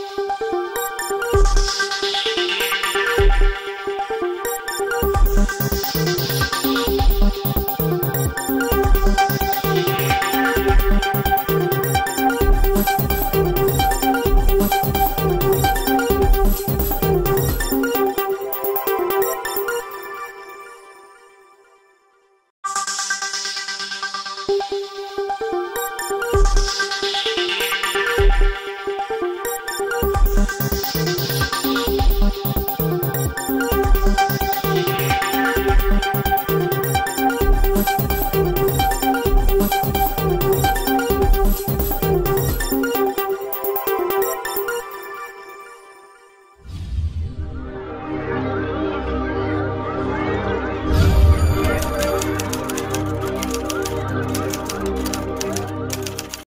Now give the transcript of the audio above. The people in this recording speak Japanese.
you Thank you.